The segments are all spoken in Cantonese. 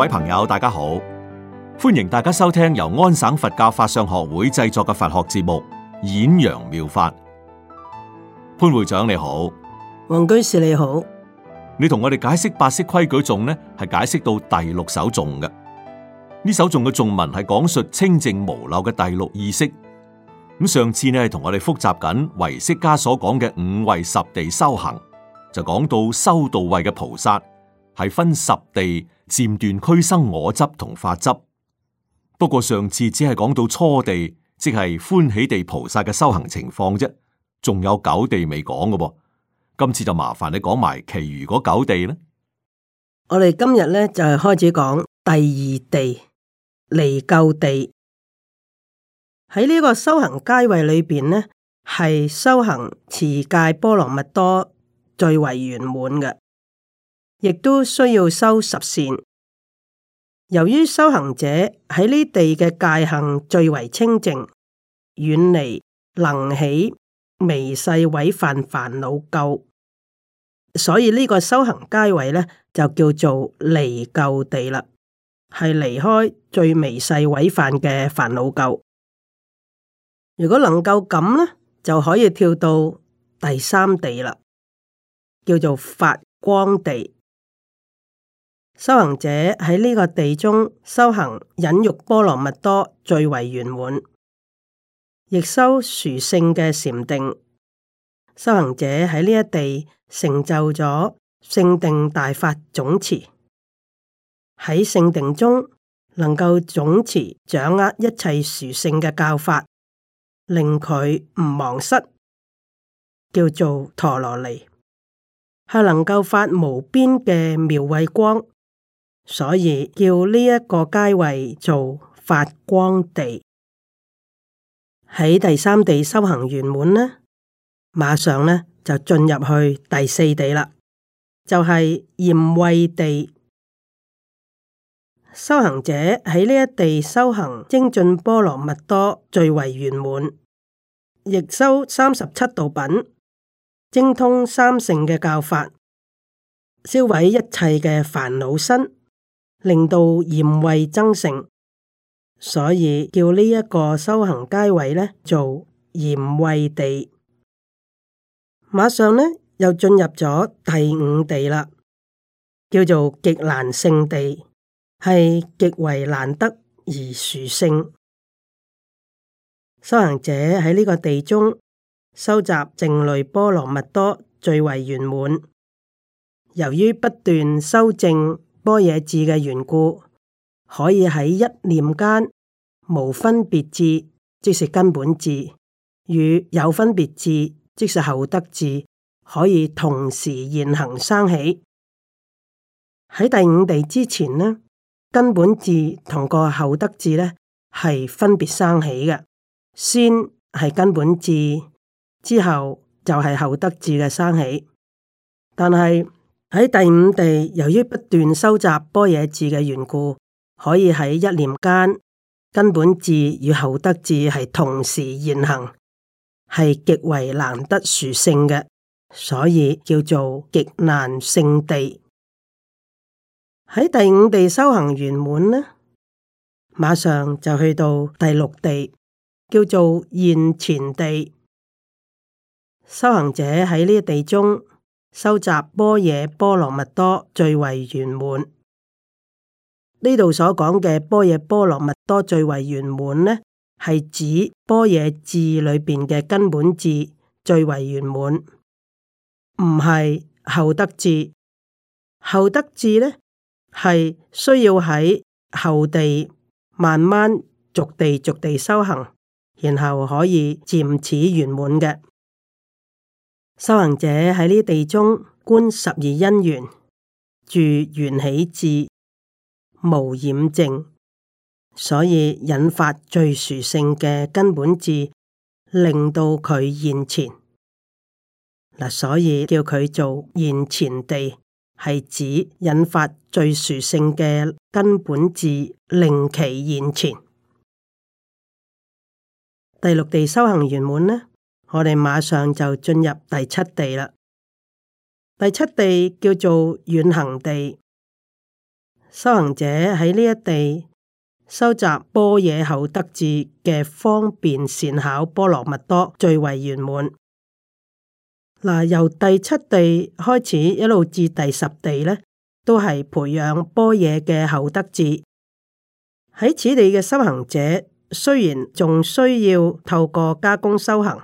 各位朋友，大家好，歡迎大家收聽由安省佛教法相學會製作嘅佛學節目《演揚妙、妙法》。潘會長你好，黃居士你好，你同我哋解釋八識規矩頌呢，係解釋到第六首頌嘅。呢首頌嘅頌文係講述清淨無漏嘅第六意識。咁上次呢，同我哋複習緊唯識家所講嘅五位十地修行，就講到修道位嘅菩薩係分十地。漸斷俱生我執同法執，不過上次只係講到初地，即係歡喜地菩薩嘅修行情況啫，仲有九地未講嘅噃。今次就麻煩你講埋其餘嗰九地啦。我哋今日咧就係、是、開始講第二地離垢地，喺呢個修行階位裏邊呢，係修行持戒波羅蜜多最為圓滿嘅。亦都需要修十善。由於修行者喺呢地嘅戒行最為清淨，遠離能起微細毀犯煩惱垢，所以呢個修行階位咧就叫做離垢地啦，係離開最微細毀犯嘅煩惱垢。如果能夠咁咧，就可以跳到第三地啦，叫做發光地。修行者喺呢個地中修行忍辱波羅蜜多最為圓滿，亦修殊勝嘅禪定。修行者喺呢一地成就咗聖定大法總持，喺聖定中能夠總持掌握一切殊勝嘅教法，令佢唔忘失，叫做陀羅尼，係能夠發無邊嘅妙慧光。所以叫呢一個階位做發光地。喺第三地修行圓滿呢，馬上呢就進入去第四地啦，就係焰慧地。修行者喺呢一地修行精進波羅蜜多最為圓滿，亦修三十七道品，精通三乘嘅教法，銷毀一切嘅煩惱身。令到焰慧增盛，所以叫呢一個修行階位呢做焰慧地。馬上呢又進入咗第五地啦，叫做極難勝地，係極為難得而殊勝。修行者喺呢個地中收集靜慮波羅蜜多最為圓滿。由於不斷修證。多嘢字嘅緣故，可以喺一念間無分別智，即是根本智；與有分別智，即是後得智，可以同時現行生起。喺第五地之前呢，根本智同個後得智呢，係分別生起嘅，先係根本智，之後就係後得智嘅生起，但係。喺第五地，由於不斷收集般若智嘅緣故，可以喺一念間根本智與後得智係同時現行，係極為難得殊勝嘅，所以叫做極難勝地。喺第五地修行圓滿呢，馬上就去到第六地，叫做現前地。修行者喺呢地中。收集般若波羅蜜多最為圓滿。呢度所講嘅般若波羅蜜多最為圓滿呢，係指般若智裏邊嘅根本智最為圓滿，唔係後得智。後得智呢係需要喺後地慢慢逐地逐地修行，然後可以漸次圓滿嘅。修行者喺呢地中觀十二因緣，住緣起智無染淨，所以引發最殊勝嘅根本智，令到佢現前。嗱，所以叫佢做現前地，係指引發最殊勝嘅根本智，令其現前。第六地修行圓滿呢，我哋馬上就進入第七地啦。第七地叫做遠行地，修行者喺呢一地收集般若後得智嘅方便善巧波羅蜜多，最為圓滿。嗱、呃，由第七地開始一路至第十地呢，都係培養般若嘅後得智。喺此地嘅修行者，雖然仲需要透過加工修行。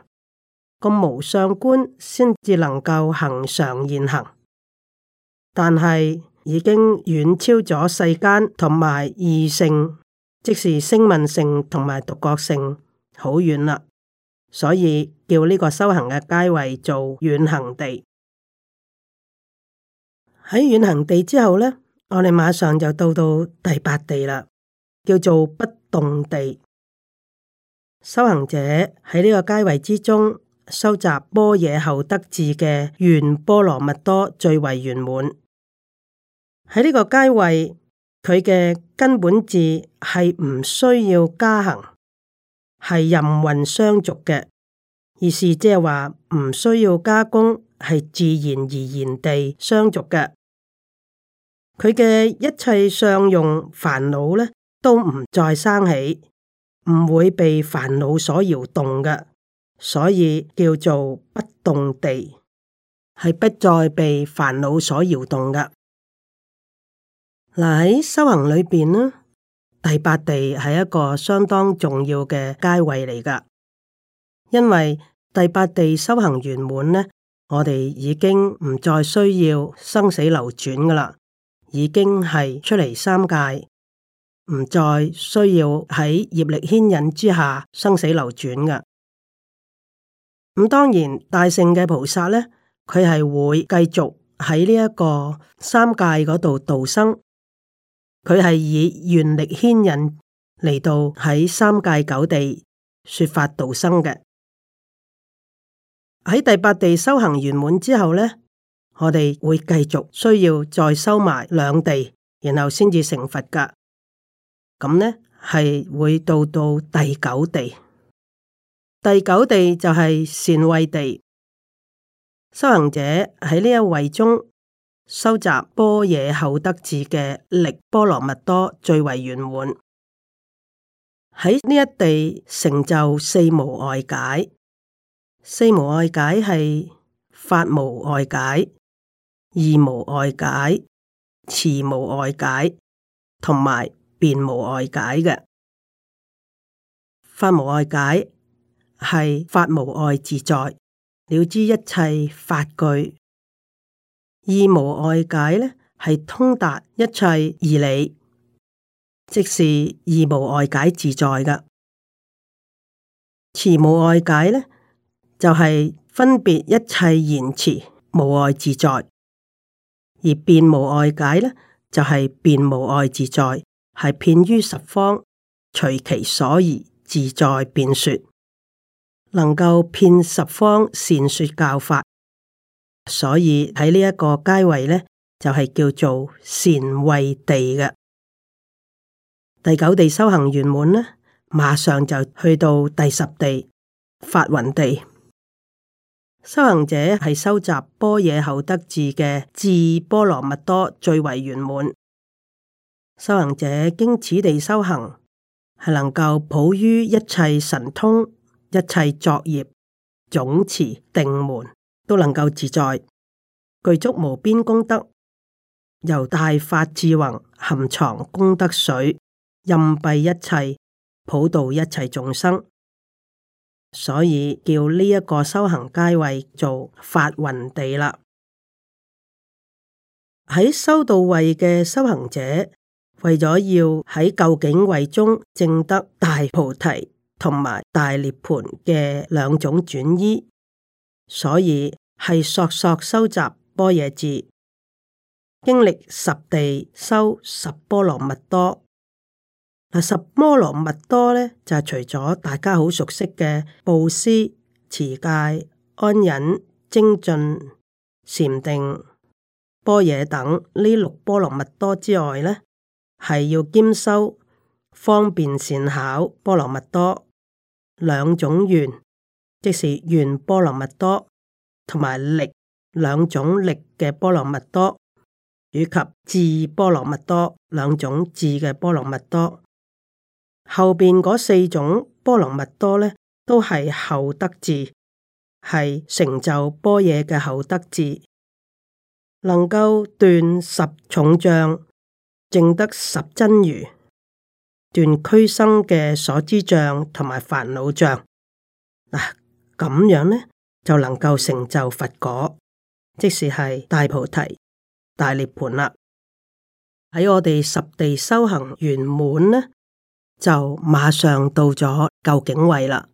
個無相觀先至能夠恆常現行，但係已經遠超咗世間同埋二性，即是聲聞性同埋獨覺性，好遠啦。所以叫呢個修行嘅階位做遠行地。喺遠行地之後咧，我哋馬上就到到第八地啦，叫做不動地。修行者喺呢個階位之中，收集般若後得智嘅原波羅蜜多最為圓滿。喺呢個階位，佢嘅根本智係唔需要加行，係任運相續嘅，意思即係話唔需要加工，係自然而然地相續嘅。佢嘅一切相用煩惱呢，都唔再生起，唔會被煩惱所搖動嘅。所以叫做不動地，係不再被煩惱所搖動嘅。嗱，喺修行裏邊呢，第八地係一個相當重要嘅階位嚟噶。因為第八地修行圓滿呢，我哋已經唔再需要生死流轉噶啦，已經係出嚟三界，唔再需要喺業力牽引之下生死流轉嘅。咁當然，大聖嘅菩薩咧，佢係會繼續喺呢一個三界嗰度度生，佢係以願力牽引嚟到，喺三界九地說法度生嘅。喺第八地修行完滿之後咧，我哋會繼續需要再修埋兩地，然後先至成佛噶。咁咧係會到到第九地。第九地就係善慧地，修行者喺呢一位中收集般若後得智嘅力波羅蜜多最為圓滿。喺呢一地成就四無礙解，四無礙解係法無礙解、義無礙解、詞無礙解同埋辯無礙解嘅法無礙解。係法無礙自在了知一切法句。義無礙解咧，係通達一切而理，即是義無礙解自在嘅。詞無礙解咧，就係、是、分別一切言詞無礙自在，而辯無礙解咧，就係、是、辯無礙自在，係遍於十方，隨其所宜自在辯說。能夠遍十方善說教法，所以喺呢一個階位呢，就係、是、叫做善慧地嘅第九地修行圓滿呢，馬上就去到第十地法雲地。修行者係收集般若後得智嘅智波羅蜜多最為圓滿。修行者經此地修行，係能夠普於一切神通。一切作業、總持定門都能夠自在，具足無邊功德，由大法智雲含藏功德水，任蔽一切，普渡一切眾生。所以叫呢一個修行階位做法雲地啦。喺修道位嘅修行者，為咗要喺究竟位中證得大菩提，同埋大涅槃嘅兩種轉依，所以係索索收集般若字，經歷十地修十波羅蜜多嗱，十波羅蜜多咧就係、是、除咗大家好熟悉嘅布施、持戒、安忍、精進、禪定、般若等呢六波羅蜜多之外咧，係要兼修方便善巧波羅蜜多。兩種願，即是願波羅蜜多同埋力兩種力嘅波羅蜜多，以及智波羅蜜多兩種智嘅波羅蜜多。後邊嗰四種波羅蜜多呢，都係後得智，係成就般若嘅後得智，能夠斷十重障，證得十真如。斷俱生嘅所知障同埋煩惱障，嗱、啊、咁樣呢就能夠成就佛果，即是係大菩提大涅盤啦。喺我哋十地修行圓滿呢，就馬上到咗究竟位啦。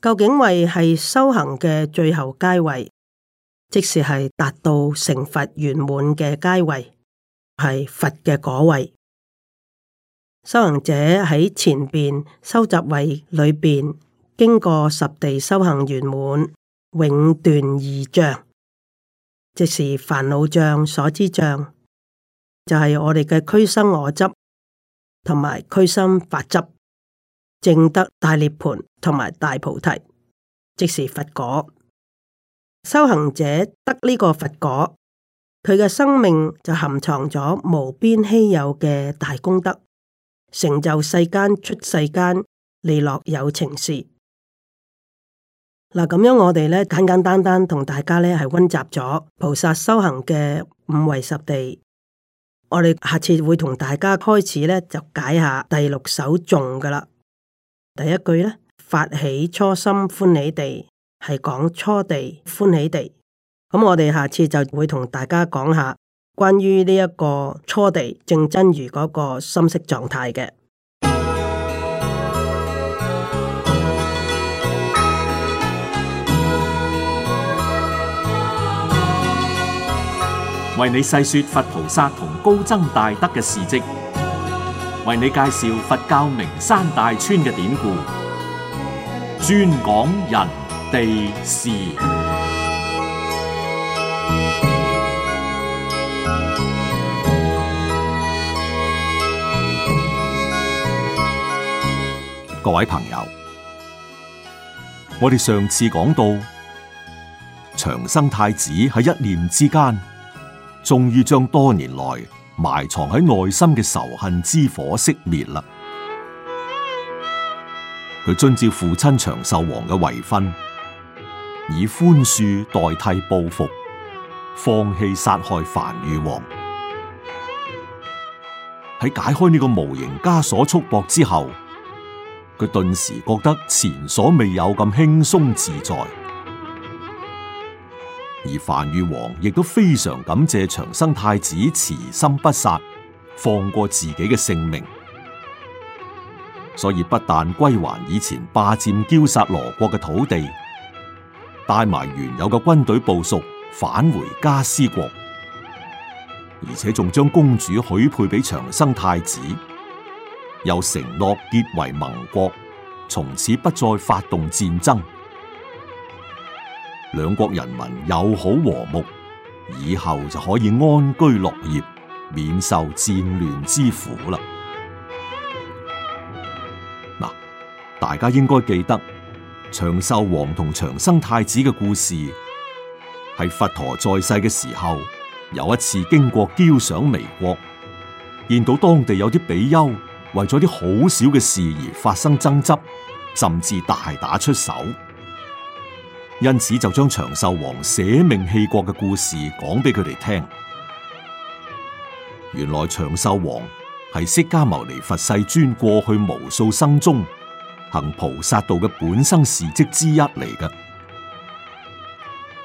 究竟位係修行嘅最後階位，即是係達到成佛圓滿嘅階位，係佛嘅果位。修行者喺前邊收集位裏邊，經過十地修行圓滿，永斷二障。即是煩惱障所知障，就係、是、我哋嘅俱生我執同埋俱生法執，證得大涅槃同埋大菩提，即是佛果。修行者得呢個佛果，佢嘅生命就含藏咗無邊稀有嘅大功德。成就世間出世間利樂有情事嗱。咁樣我哋咧簡簡單單同大家咧係溫習咗菩薩修行嘅五位十地，我哋下次會同大家開始咧就解，解下第六首頌噶啦，第一句咧發起初心歡喜地係講初地歡喜地，咁我哋下次就會同大家講下。關於呢一個初地正真如嗰個心識狀態嘅。為你細說佛菩薩同高僧大德嘅事跡，為你介紹佛教名山大川嘅典故，專講人地事。各位朋友，我哋上次講到長生太子喺一念之間，終於將多年來埋藏喺內心嘅仇恨之火熄滅啦。佢遵照父親長壽王嘅遺訓，以寬恕代替報復，放棄殺害梵豫王。喺解開呢個無形枷鎖束縛之後。佢頓時覺得前所未有咁輕鬆自在，而梵豫王亦都非常感謝長生太子慈心不殺，放過自己嘅性命，所以不但歸還以前霸佔憍薩羅國嘅土地，帶埋原有嘅軍隊部屬返回迦尸國，而且仲將公主許配俾長生太子。又承諾結為盟國，從此不再發動戰爭。兩國人民友好和睦，以後就可以安居樂業，免受戰亂之苦啦。嗱，大家應該記得長壽王同長生太子嘅故事，喺佛陀在世嘅時候，有一次經過憍賞彌國，見到當地有啲比丘。為咗啲好少嘅事而發生爭執，甚至大打出手，因此就將長壽王捨命棄國嘅故事講俾佢哋聽。原來長壽王係釋迦牟尼佛世尊過去無數生中行菩薩道嘅本生事跡之一嚟嘅。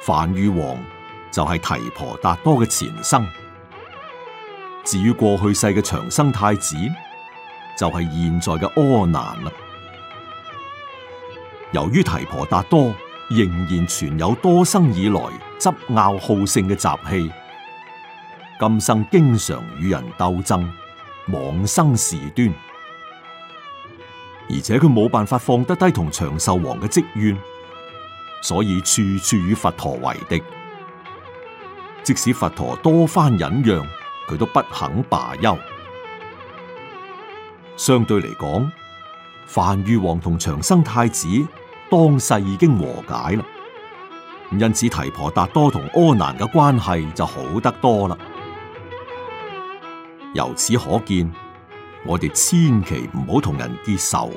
梵豫王就係提婆達多嘅前生。至於過去世嘅長生太子，就係現在嘅阿難啦。由於提婆達多仍然存有多生以來執拗好勝嘅習氣，今生經常與人鬥爭，妄生事端，而且佢冇辦法放得低同長壽王嘅積怨，所以處處與佛陀為敵。即使佛陀多番忍讓，佢都不肯罷休。相對嚟講，梵御王同長生太子當世已經和解啦，因此提婆達多同阿難嘅關係就好得多啦。由此可見，我哋千祈唔好同人結仇。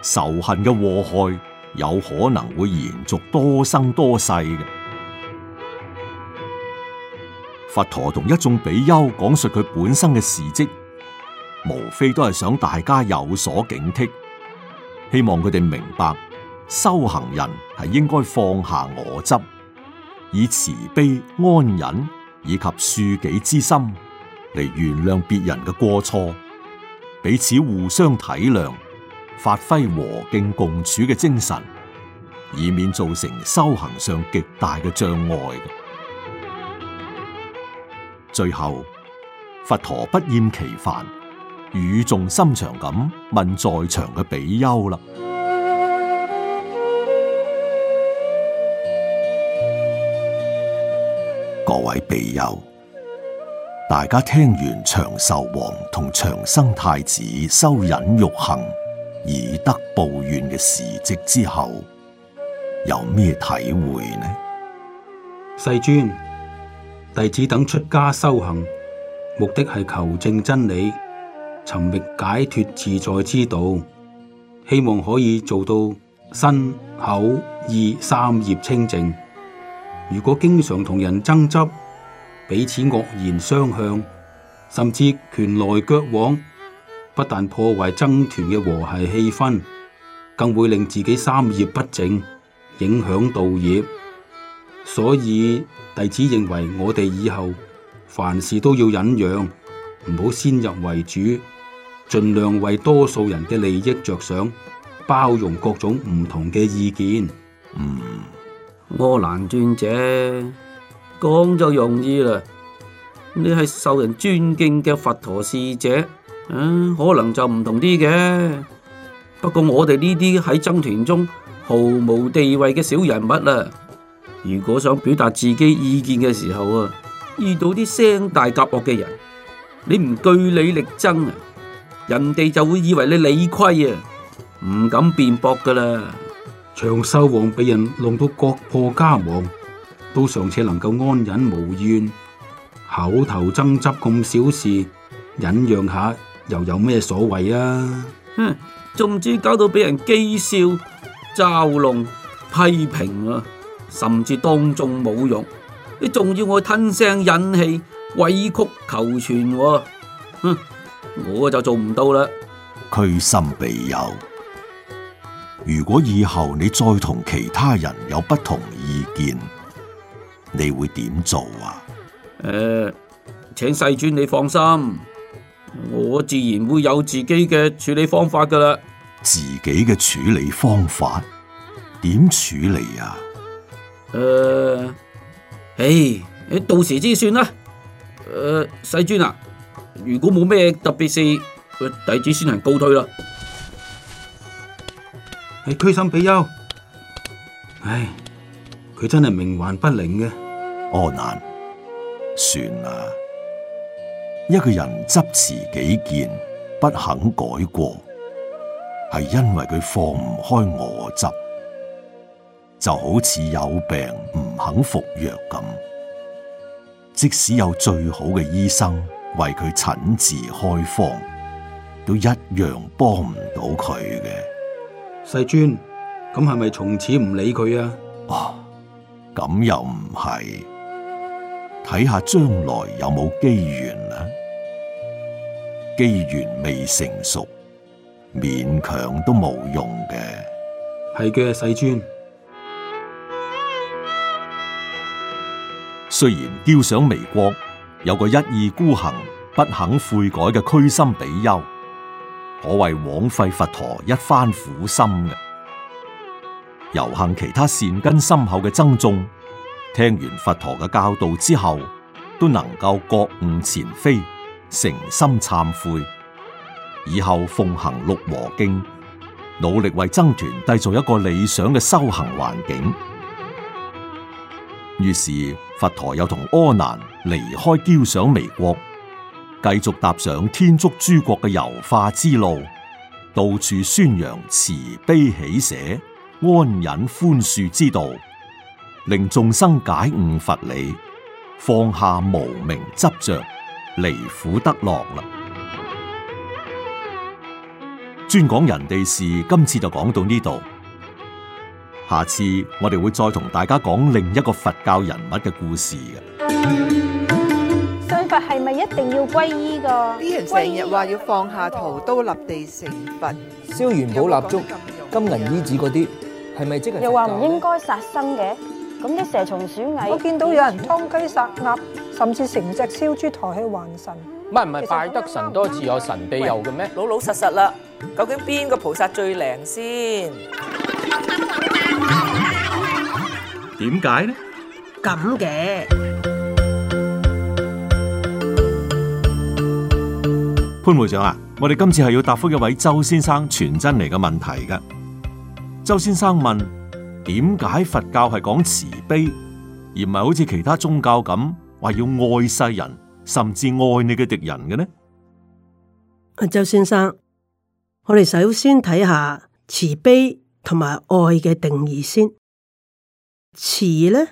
仇恨嘅禍害有可能會延續多生多世嘅。佛陀同一眾比丘講述佢本身嘅事跡。無非都係想大家有所警惕，希望佢哋明白，修行人係應該放下我執，以慈悲、安忍以及恕己之心嚟原諒別人嘅過錯，彼此互相體諒，發揮和敬共處嘅精神，以免造成修行上極大嘅障礙。最後，佛陀不厭其煩。語重心長咁問在場嘅比丘啦，各位比丘，大家聽完長壽王同長生太子修忍辱行以德報怨嘅事跡之後，有咩體會呢？世尊，弟子等出家修行，目的係求證真理。尋覓解脱自在之道，希望可以做到身口意三業清淨。如果經常同人爭執，彼此惡言相向，甚至拳來腳往，不但破壞僧團嘅和諧氣氛，更會令自己三業不淨，影響道業。所以弟子認為，我哋以後凡事都要忍讓，唔好先入為主。盡量為多數人嘅利益着想，包容各種唔同嘅意見。嗯，阿難尊者講就容易啦。你係受人尊敬嘅佛陀侍者，啊、嗯，可能就唔同啲嘅。不過我哋呢啲喺僧團中毫無地位嘅小人物啦，如果想表達自己意見嘅時候啊，遇到啲聲大夾惡嘅人，你唔據理力爭啊？人哋就會以為你理虧啊，唔敢辯駁噶啦。長壽王被人弄到國破家亡，都尚且能夠安忍無怨，口頭爭執咁小事，忍讓下又有咩所謂啊？哼，仲唔知搞到俾人譏笑、嘲弄、批評啊，甚至當眾侮辱，你仲要我吞聲忍氣、委曲求全？哼！我就做唔到啦。屈心備憂。如果以後你再同其他人有不同意見，你會點做啊？誒、呃，請世尊你放心，我自然會有自己嘅處理方法噶啦。自己嘅處理方法點處理啊？誒、呃，誒，到時之算啦。誒、呃，世尊啊。如果冇咩特別事，佢弟子先行告退啦。你屈、哎、心比丘，唉，佢真係冥頑不靈嘅，阿難、啊，算啦。一個人執持己見，不肯改過，係因為佢放唔開我執，就好似有病唔肯服藥咁，即使有最好嘅醫生。為佢診治開方，都一樣幫唔到佢嘅。世尊，咁係咪從此唔理佢啊？哦，咁又唔係，睇下將來有冇機緣啦。機緣未成熟，勉強都冇用嘅。係嘅，世尊。雖然叫上微光。有個一意孤行，不肯悔改嘅居心比丘，可謂枉費佛陀一番苦心嘅。游行其他善根深厚嘅僧眾，聽完佛陀嘅教導之後，都能夠覺悟前非，誠心懺悔，以後奉行六和敬，努力為僧團締造一個理想嘅修行環境。於是。佛陀又同阿難離開憍賞彌國，繼續踏上天竺諸國嘅遊化之路，到處宣揚慈悲喜捨、安忍寬恕之道，令眾生解悟佛理，放下無明執着，離苦得樂啦！專講 人哋事，今次就講到呢度。下次我哋會再同大家講另一個佛教人物嘅故事嘅。信佛係咪一定要皈依噶？啲人成日話要放下屠刀立地成佛，燒元寶蠟燭、金銀衣紙嗰啲，係咪即係又話唔應該殺生嘅？咁啲蛇蟲鼠蟻，我見到有人劏雞殺鴨，甚至成隻燒豬抬去還神。唔係唔係，拜得神多自有神庇佑嘅咩？老老實實啦，究竟邊個菩薩最靈先？點解呢？咁嘅潘會長啊，我哋今次係要答覆一位周先生傳真嚟嘅問題嘅。周先生問：點解佛教係講慈悲，而唔係好似其他宗教咁話要愛世人，甚至愛你嘅敵人嘅呢？阿周先生，我哋首先睇下慈悲同埋愛嘅定義先。慈呢，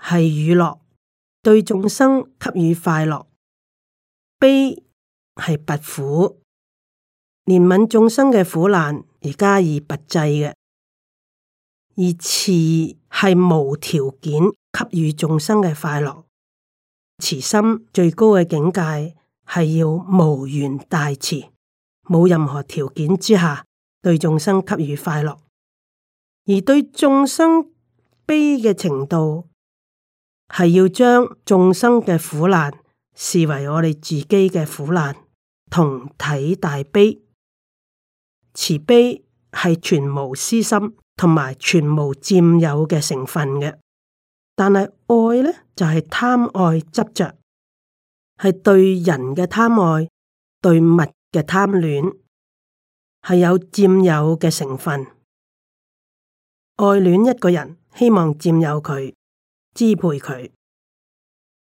係與樂，對眾生給予快樂；悲係拔苦，憐憫眾生嘅苦難而加以拔濟嘅。而慈係無條件給予眾生嘅快樂。慈心最高嘅境界係要無緣大慈，冇任何條件之下對眾生給予快樂，而對眾生。悲嘅程度係要將眾生嘅苦難視為我哋自己嘅苦難，同體大悲。慈悲係全無私心，同埋全無佔有嘅成分嘅。但係愛呢，就係、是、貪愛執着，係對人嘅貪愛，對物嘅貪戀，係有佔有嘅成分。愛戀一個人，希望佔有佢，支配佢，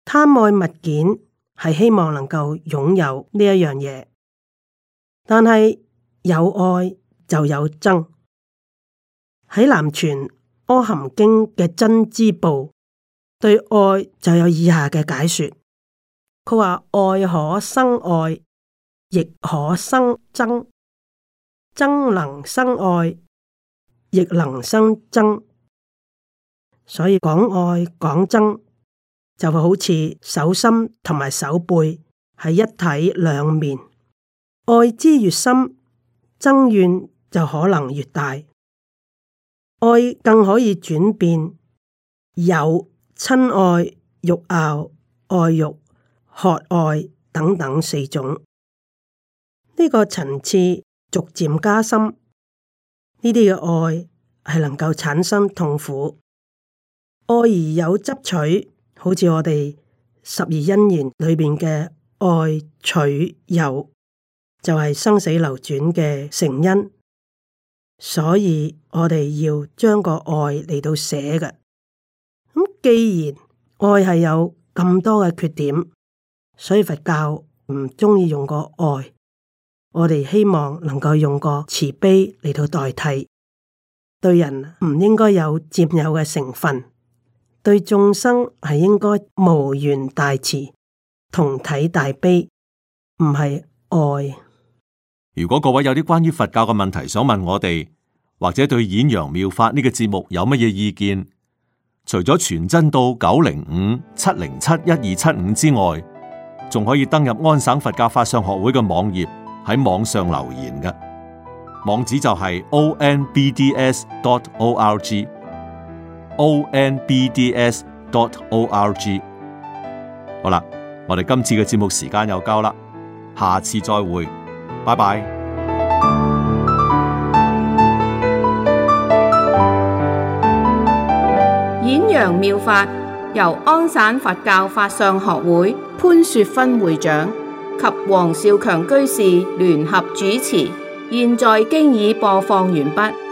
貪愛物件係希望能夠擁有呢一樣嘢。但係有愛就有憎。喺南傳阿含經嘅增支部，對愛就有以下嘅解說。佢話愛可生愛，亦可生憎；憎能生愛，亦能生憎。」所以講愛講憎，就係好似手心同埋手背係一體兩面。愛之越深，憎怨，就可能越大。愛更可以轉變有親愛、欲愛、愛欲、渴愛等等四種。呢、這個層次逐漸加深，呢啲嘅愛係能夠產生痛苦。愛而有執取，好似我哋十二因緣裏邊嘅愛取有，就係生死流轉嘅成因。所以我哋要將個愛嚟到寫嘅。咁既然愛係有咁多嘅缺點，所以佛教唔鍾意用個愛，我哋希望能夠用個慈悲嚟到代替，對人唔應該有占有嘅成分。對眾生係應該無緣大慈，同體大悲，唔係愛。如果各位有啲關於佛教嘅問題想問我哋，或者對《演揚妙法》呢個節目有乜嘢意見，除咗傳真到九零五七零七一二七五之外，仲可以登入安省佛教法相學會嘅網頁喺網上留言嘅，網址就係 o n b d s dot o r g。O N B D S dot O R G。好啦，我哋今次嘅節目時間又夠啦，下次再會，拜拜。演揚妙法由安省佛教法相學會潘雪芬會長及黃少強居士聯合主持，現在經已播放完畢。